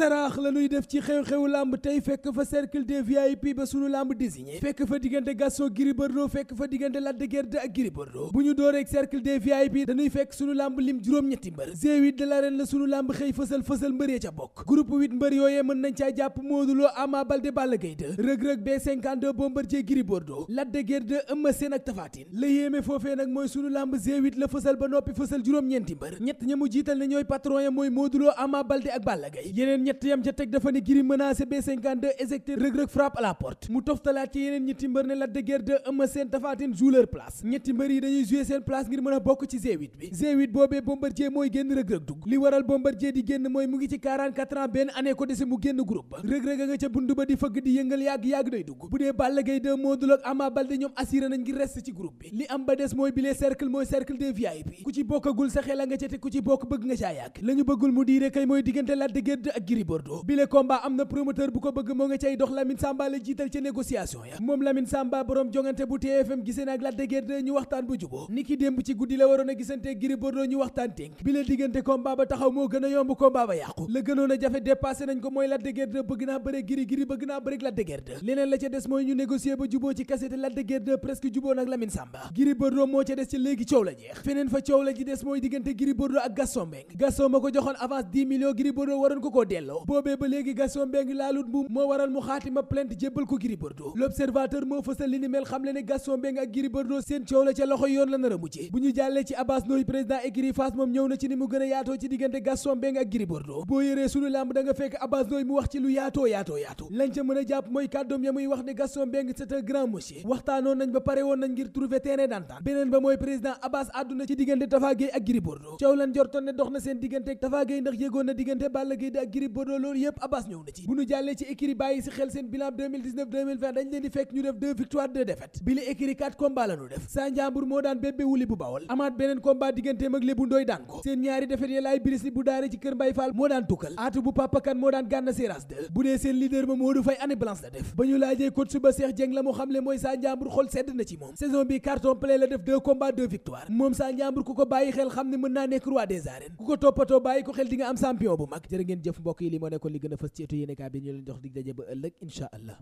saraax la ñuy def ci xew-xewu lamb tey fekk fa cercle des VIP ba sunu lamb désigné fekk fa diggante Gaston Gris Bordeaux fekk fa diggante Lac de Guiers 2 ak Gris Bordeaux bu ñu dooreek cercle des VIP dañuy fekk sunu lamb lim juróom-ñetti mbër G8 de la sunu lamb xëy fësal fësal mbër ca bokk groupe 8 mbër yooyee mën nañ caa jàpp Modou Lo Ama Baldé Balla Gaye 2 Reug-Reug B52 Bombardier Gris Bordeaux Lac de ak Tapha la yéeme foofee nag ñett yam ca teg dafa ne giri menacé B52 éjecté rëg-rëg frappe à la porte mu toftalaat ci yeneen ñetti mbër ne la de de Eumeu Sène Tapha Tine joue place ñetti mbër yi dañuy jouer seen place ngir mën bokk ci g bi G8 boobee Bombardier mooy génn rëg-rëg dugg li waral Bombardier di génn mooy mu ngi ci 44 benn année ko dese mu génn groupe ba rëg-rëg a nga ca bund ba di fëgg di yëngal yàgg-yàgg day dugg bu dee Balla Gaye de guerre Gris Bordeaux bile combat am na promoteur bu ko bëgg moo nga cay dox Lamine Samba la jiital ci négociation ya moom Lamine Samba borom jongante bu TFM gisee na ak Lac de ñu waxtaan bu juboo niki démb ci guddi la waroon a gisante Gris Bordeaux ñu waxtaan ténk bile diggante combat ba taxaw moo gën a yomb combat ba yàqu la gënoon jafe dépassé nañ ko mooy Lac de bëgg naa bëre Gris Gris bëgg naa bëre Lac de leneen la ca des mooy ñu négocier ba yelloo boobee ba léegi Gaston Mbengue laalut mbuum moo waral mu xaatima plainte jébbal ko Gris Bordeaux l'observateur moo fësal li ni mel xam le ne Gaston Mbengue ak Gris Bordeaux seen coow la ca loxo yoon la nar a mujje bu ñu jàllee ci Abbas Nooy président écurie moom ñëw na ci ni mu gën a yaatoo ci diggante Gaston Mbengue ak Gris boo yëree sunu làmb da fekk Abbas Nooy mu wax ci lu yaatoo yaatoo yaatu lañ ca mën a jàpp mooy kàddoom ya muy wax ne Gaston Mbengue c'est Bordeaux loolu Abbas ñëw na ci bu ñu jàllee ci écurie bàyyi si xel seen bilan 2019 2020 leen di fekk ñu def deux victoires deux défaites bi la écurie quatre combats la def saa njàmbur moo daan bébé bu bawal amaat beneen combat digganteem ak lébu ndooy daan ko seen ñaari défaites yi laay biris li bu daare ci kër mbay fall moo daan tukkal aatu bu papakan moo daan gànna séras 2 bu dee seen leader ba Modou Faye année blanche la def ba ñu laajee coach suba Cheikh na ci moom saison mbokk yi li moo nekkoon li gën a fës ci étu yéenekaay bi ñu leen jox allah